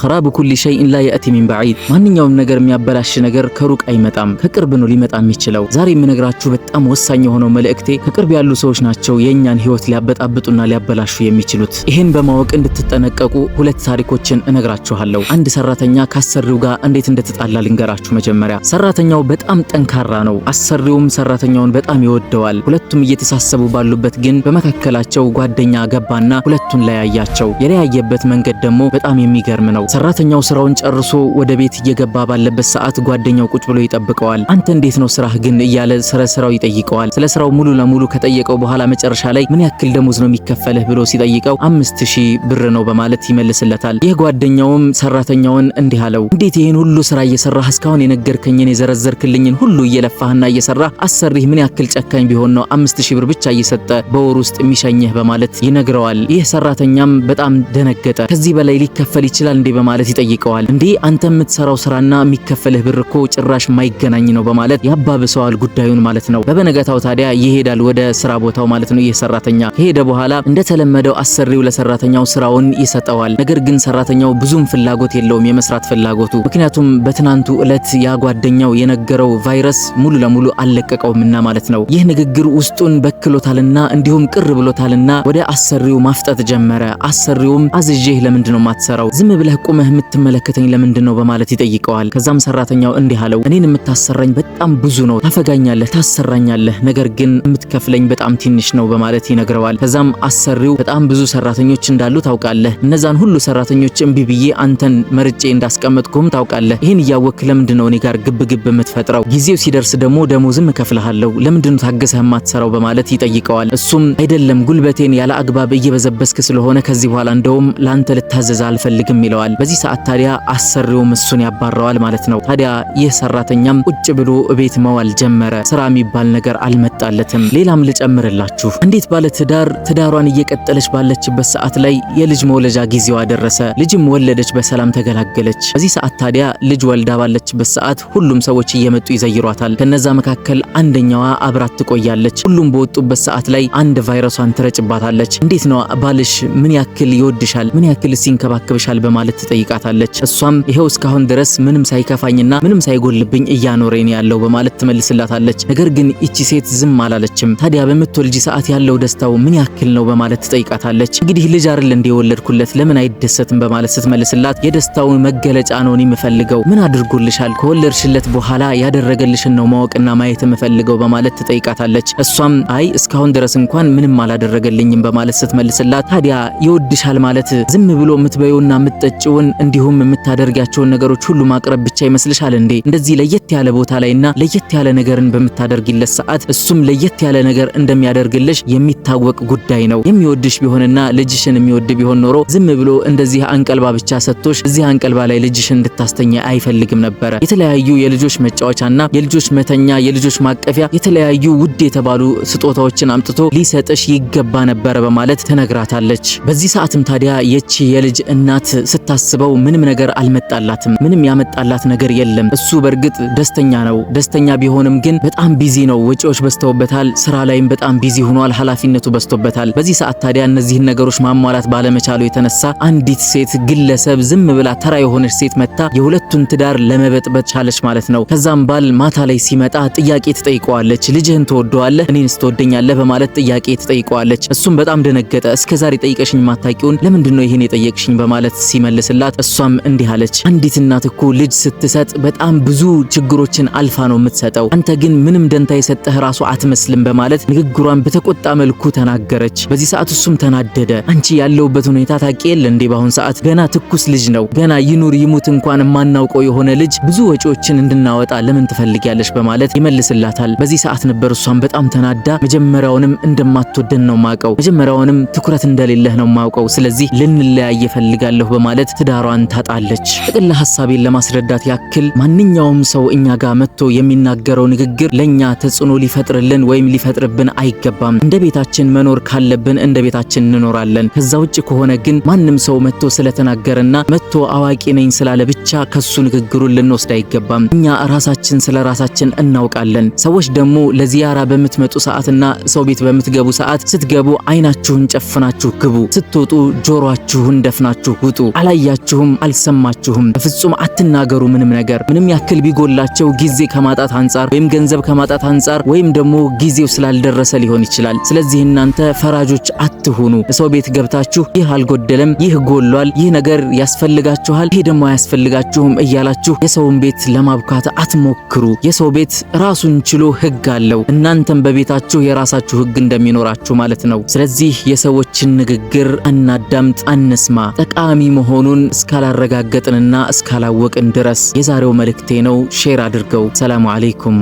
ኸራብ ኩሊ ሸይእን ላ የእቲ ሚን በዒድ፣ ማንኛውም ነገር የሚያበላሽ ነገር ከሩቅ አይመጣም፣ ከቅርብ ነው ሊመጣ የሚችለው። ዛሬ የምነግራችሁ በጣም ወሳኝ የሆነው መልእክቴ ከቅርብ ያሉ ሰዎች ናቸው የእኛን ህይወት ሊያበጣብጡና ሊያበላሹ የሚችሉት። ይህን በማወቅ እንድትጠነቀቁ ሁለት ታሪኮችን እነግራችኋለሁ። አንድ ሰራተኛ ከአሰሪው ጋር እንዴት እንደተጣላ ልንገራችሁ። መጀመሪያ ሰራተኛው በጣም ጠንካራ ነው፣ አሰሪውም ሰራተኛውን በጣም ይወደዋል። ሁለቱም እየተሳሰቡ ባሉበት ግን በመካከላቸው ጓደኛ ገባና ሁለቱን ለያያቸው። የለያየበት መንገድ ደግሞ በጣም የሚገርም ነው። ነው። ሰራተኛው ስራውን ጨርሶ ወደ ቤት እየገባ ባለበት ሰዓት ጓደኛው ቁጭ ብሎ ይጠብቀዋል። አንተ እንዴት ነው ስራህ ግን እያለ ስለ ስራው ይጠይቀዋል። ስለ ስራው ሙሉ ለሙሉ ከጠየቀው በኋላ መጨረሻ ላይ ምን ያክል ደሞዝ ነው የሚከፈልህ ብሎ ሲጠይቀው አምስት ሺህ ብር ነው በማለት ይመልስለታል። ይህ ጓደኛውም ሰራተኛውን እንዲህ አለው፣ እንዴት ይህን ሁሉ ስራ እየሰራህ እስካሁን የነገርከኝን የዘረዘርክልኝን ሁሉ እየለፋህና እየሰራህ አሰሪህ ምን ያክል ጨካኝ ቢሆን ነው አምስት ሺህ ብር ብቻ እየሰጠ በወር ውስጥ የሚሸኝህ በማለት ይነግረዋል። ይህ ሰራተኛም በጣም ደነገጠ። ከዚህ በላይ ሊከፈል ይችላል እንዴ በማለት ይጠይቀዋል። እንዴ አንተ የምትሰራው ስራና የሚከፈልህ ብር እኮ ጭራሽ ማይገናኝ ነው በማለት ያባብሰዋል ጉዳዩን ማለት ነው። በበነገታው ታዲያ ይሄዳል ወደ ስራ ቦታው ማለት ነው። ይህ ሰራተኛ ከሄደ በኋላ እንደተለመደው አሰሪው ለሰራተኛው ስራውን ይሰጠዋል። ነገር ግን ሰራተኛው ብዙም ፍላጎት የለውም የመስራት ፍላጎቱ ምክንያቱም በትናንቱ እለት ያ ጓደኛው የነገረው ቫይረስ ሙሉ ለሙሉ አልለቀቀውምና ማለት ነው። ይህ ንግግር ውስጡን በክሎታልና እንዲሁም ቅር ብሎታልና ወደ አሰሪው ማፍጠት ጀመረ። አሰሪውም አዝዤህ ለምንድነው ማትሰራው? ዝም ብለህ ቁመህ የምትመለከተኝ ለምንድን ነው በማለት ይጠይቀዋል። ከዛም ሰራተኛው እንዲህ አለው፣ እኔን የምታሰራኝ በጣም ብዙ ነው፣ ታፈጋኛለህ፣ ታሰራኛለህ፣ ነገር ግን የምትከፍለኝ በጣም ትንሽ ነው በማለት ይነግረዋል። ከዛም አሰሪው በጣም ብዙ ሰራተኞች እንዳሉ ታውቃለህ፣ እነዛን ሁሉ ሰራተኞች እምቢ ብዬ አንተን መርጬ እንዳስቀመጥኩም ታውቃለህ። ይህን እያወክ ለምንድን ነው እኔ ጋር ግብ ግብ የምትፈጥረው? ጊዜው ሲደርስ ደግሞ ደሞዝም እከፍልሃለሁ፣ ለምንድን ነው ታገሰህ የማትሰራው በማለት ይጠይቀዋል። እሱም አይደለም ጉልበቴን ያለ አግባብ እየበዘበስክ ስለሆነ ከዚህ በኋላ እንደውም ለአንተ ልታዘዝ አልፈልግም ይለዋል። ይሆናል። በዚህ ሰዓት ታዲያ አሰሪውም እሱን ያባረዋል ማለት ነው። ታዲያ ይህ ሰራተኛም ቁጭ ብሎ ቤት መዋል ጀመረ። ስራ የሚባል ነገር አልመጣለትም። ሌላም ልጨምርላችሁ። እንዴት ባለ ትዳር ትዳሯን እየቀጠለች ባለችበት ሰዓት ላይ የልጅ መውለጃ ጊዜዋ ደረሰ። ልጅም ወለደች፣ በሰላም ተገላገለች። በዚህ ሰዓት ታዲያ ልጅ ወልዳ ባለችበት ሰዓት ሁሉም ሰዎች እየመጡ ይዘይሯታል። ከነዛ መካከል አንደኛዋ አብራት ትቆያለች። ሁሉም በወጡበት ሰዓት ላይ አንድ ቫይረሷን ትረጭባታለች። እንዴት ነው ባልሽ ምን ያክል ይወድሻል፣ ምን ያክል ሲንከባከብሻል በማለት በማለት ትጠይቃታለች። እሷም ይሄው እስካሁን ድረስ ምንም ሳይከፋኝና ምንም ሳይጎልብኝ እያኖረኝ ያለው በማለት ትመልስላታለች። ነገር ግን ይቺ ሴት ዝም አላለችም። ታዲያ በምትወልጂ ሰዓት ያለው ደስታው ምን ያክል ነው በማለት ትጠይቃታለች። እንግዲህ ልጅ አይደል እንደወለድኩለት ለምን አይደሰትም በማለት ስትመልስላት የደስታውን መገለጫ ነውን የምፈልገው ምን አድርጎልሻል? ከወለድሽለት በኋላ ያደረገልሽን ነው ማወቅና ማየት የምፈልገው በማለት ትጠይቃታለች። እሷም አይ እስካሁን ድረስ እንኳን ምንም አላደረገልኝም በማለት ስትመልስላት ታዲያ ይወድሻል ማለት ዝም ብሎ የምትበዩና የምትጠጩ ጭውን እንዲሁም የምታደርጊያቸውን ነገሮች ሁሉ ማቅረብ ብቻ ይመስልሻል እንዴ? እንደዚህ ለየት ያለ ቦታ ላይና ለየት ያለ ነገርን በምታደርጊለት ሰዓት እሱም ለየት ያለ ነገር እንደሚያደርግልሽ የሚታወቅ ጉዳይ ነው። የሚወድሽ ቢሆንና ልጅሽን የሚወድ ቢሆን ኖሮ ዝም ብሎ እንደዚህ አንቀልባ ብቻ ሰጥቶሽ እዚህ አንቀልባ ላይ ልጅሽን እንድታስተኛ አይፈልግም ነበረ። የተለያዩ የልጆች መጫወቻና የልጆች መተኛ፣ የልጆች ማቀፊያ፣ የተለያዩ ውድ የተባሉ ስጦታዎችን አምጥቶ ሊሰጥሽ ይገባ ነበረ በማለት ትነግራታለች። በዚህ ሰዓትም ታዲያ የቺ የልጅ እናት ስታ ስታስበው ምንም ነገር አልመጣላትም። ምንም ያመጣላት ነገር የለም። እሱ በእርግጥ ደስተኛ ነው። ደስተኛ ቢሆንም ግን በጣም ቢዚ ነው። ወጪዎች በዝተውበታል። ስራ ላይም በጣም ቢዚ ሆኗል። ኃላፊነቱ በዝቶበታል። በዚህ ሰዓት ታዲያ እነዚህን ነገሮች ማሟላት ባለመቻሉ የተነሳ አንዲት ሴት ግለሰብ ዝም ብላ ተራ የሆነች ሴት መታ የሁለቱን ትዳር ለመበጥበት ቻለች ማለት ነው። ከዛም ባል ማታ ላይ ሲመጣ ጥያቄ ትጠይቀዋለች። ልጅህን ትወደዋለህ እኔን ስትወደኛለህ በማለት ጥያቄ ትጠይቀዋለች። እሱም በጣም ደነገጠ። እስከዛሬ ጠይቀሽኝ ማታቂውን ለምንድን ነው ይሄን የጠየቅሽኝ በማለት ሲመልስ ስመልስላት እሷም እንዲህ አለች፣ አንዲት እናት እኮ ልጅ ስትሰጥ በጣም ብዙ ችግሮችን አልፋ ነው የምትሰጠው፣ አንተ ግን ምንም ደንታ የሰጠህ ራሱ አትመስልም በማለት ንግግሯን በተቆጣ መልኩ ተናገረች። በዚህ ሰዓት እሱም ተናደደ። አንቺ ያለውበት ሁኔታ ታቂ የለ እንዴ? በአሁን ሰዓት ገና ትኩስ ልጅ ነው። ገና ይኑር ይሙት እንኳን የማናውቀው የሆነ ልጅ ብዙ ወጪዎችን እንድናወጣ ለምን ትፈልጊያለሽ? በማለት ይመልስላታል። በዚህ ሰዓት ነበር እሷም በጣም ተናዳ፣ መጀመሪያውንም እንደማትወደን ነው ማውቀው፣ መጀመሪያውንም ትኩረት እንደሌለህ ነው ማውቀው፣ ስለዚህ ልንለያየ ፈልጋለሁ በማለት ትዳሯን ታጣለች። ጥቅል ሀሳቤን ለማስረዳት ያክል ማንኛውም ሰው እኛ ጋር መጥቶ የሚናገረው ንግግር ለእኛ ተጽዕኖ ሊፈጥርልን ወይም ሊፈጥርብን አይገባም። እንደ ቤታችን መኖር ካለብን እንደ ቤታችን እንኖራለን። ከዛ ውጭ ከሆነ ግን ማንም ሰው መጥቶ ስለተናገረና መጥቶ አዋቂ ነኝ ስላለ ብቻ ከሱ ንግግሩን ልንወስድ አይገባም። እኛ ራሳችን ስለ ራሳችን እናውቃለን። ሰዎች ደግሞ ለዚያራ በምትመጡ ሰዓትና ሰው ቤት በምትገቡ ሰዓት ስትገቡ አይናችሁን ጨፍናችሁ ግቡ፣ ስትወጡ ጆሮአችሁን ደፍናችሁ ውጡ። አላየ አላያችሁም፣ አልሰማችሁም፣ በፍጹም አትናገሩ ምንም ነገር ምንም ያክል ቢጎላቸው ጊዜ ከማጣት አንጻር ወይም ገንዘብ ከማጣት አንጻር ወይም ደግሞ ጊዜው ስላልደረሰ ሊሆን ይችላል። ስለዚህ እናንተ ፈራጆች አትሁኑ። ሰው ቤት ገብታችሁ ይህ አልጎደለም፣ ይህ ጎሏል፣ ይህ ነገር ያስፈልጋችኋል፣ ይሄ ደግሞ አያስፈልጋችሁም እያላችሁ የሰውን ቤት ለማብካት አትሞክሩ። የሰው ቤት ራሱን ችሎ ህግ አለው። እናንተም በቤታችሁ የራሳችሁ ህግ እንደሚኖራችሁ ማለት ነው። ስለዚህ የሰዎችን ንግግር አናዳምጥ፣ አንስማ ጠቃሚ መሆኑን መሆኑን እስካላረጋገጥንና እስካላወቅን ድረስ የዛሬው መልእክቴ ነው። ሼር አድርገው። ሰላሙ አሌይኩም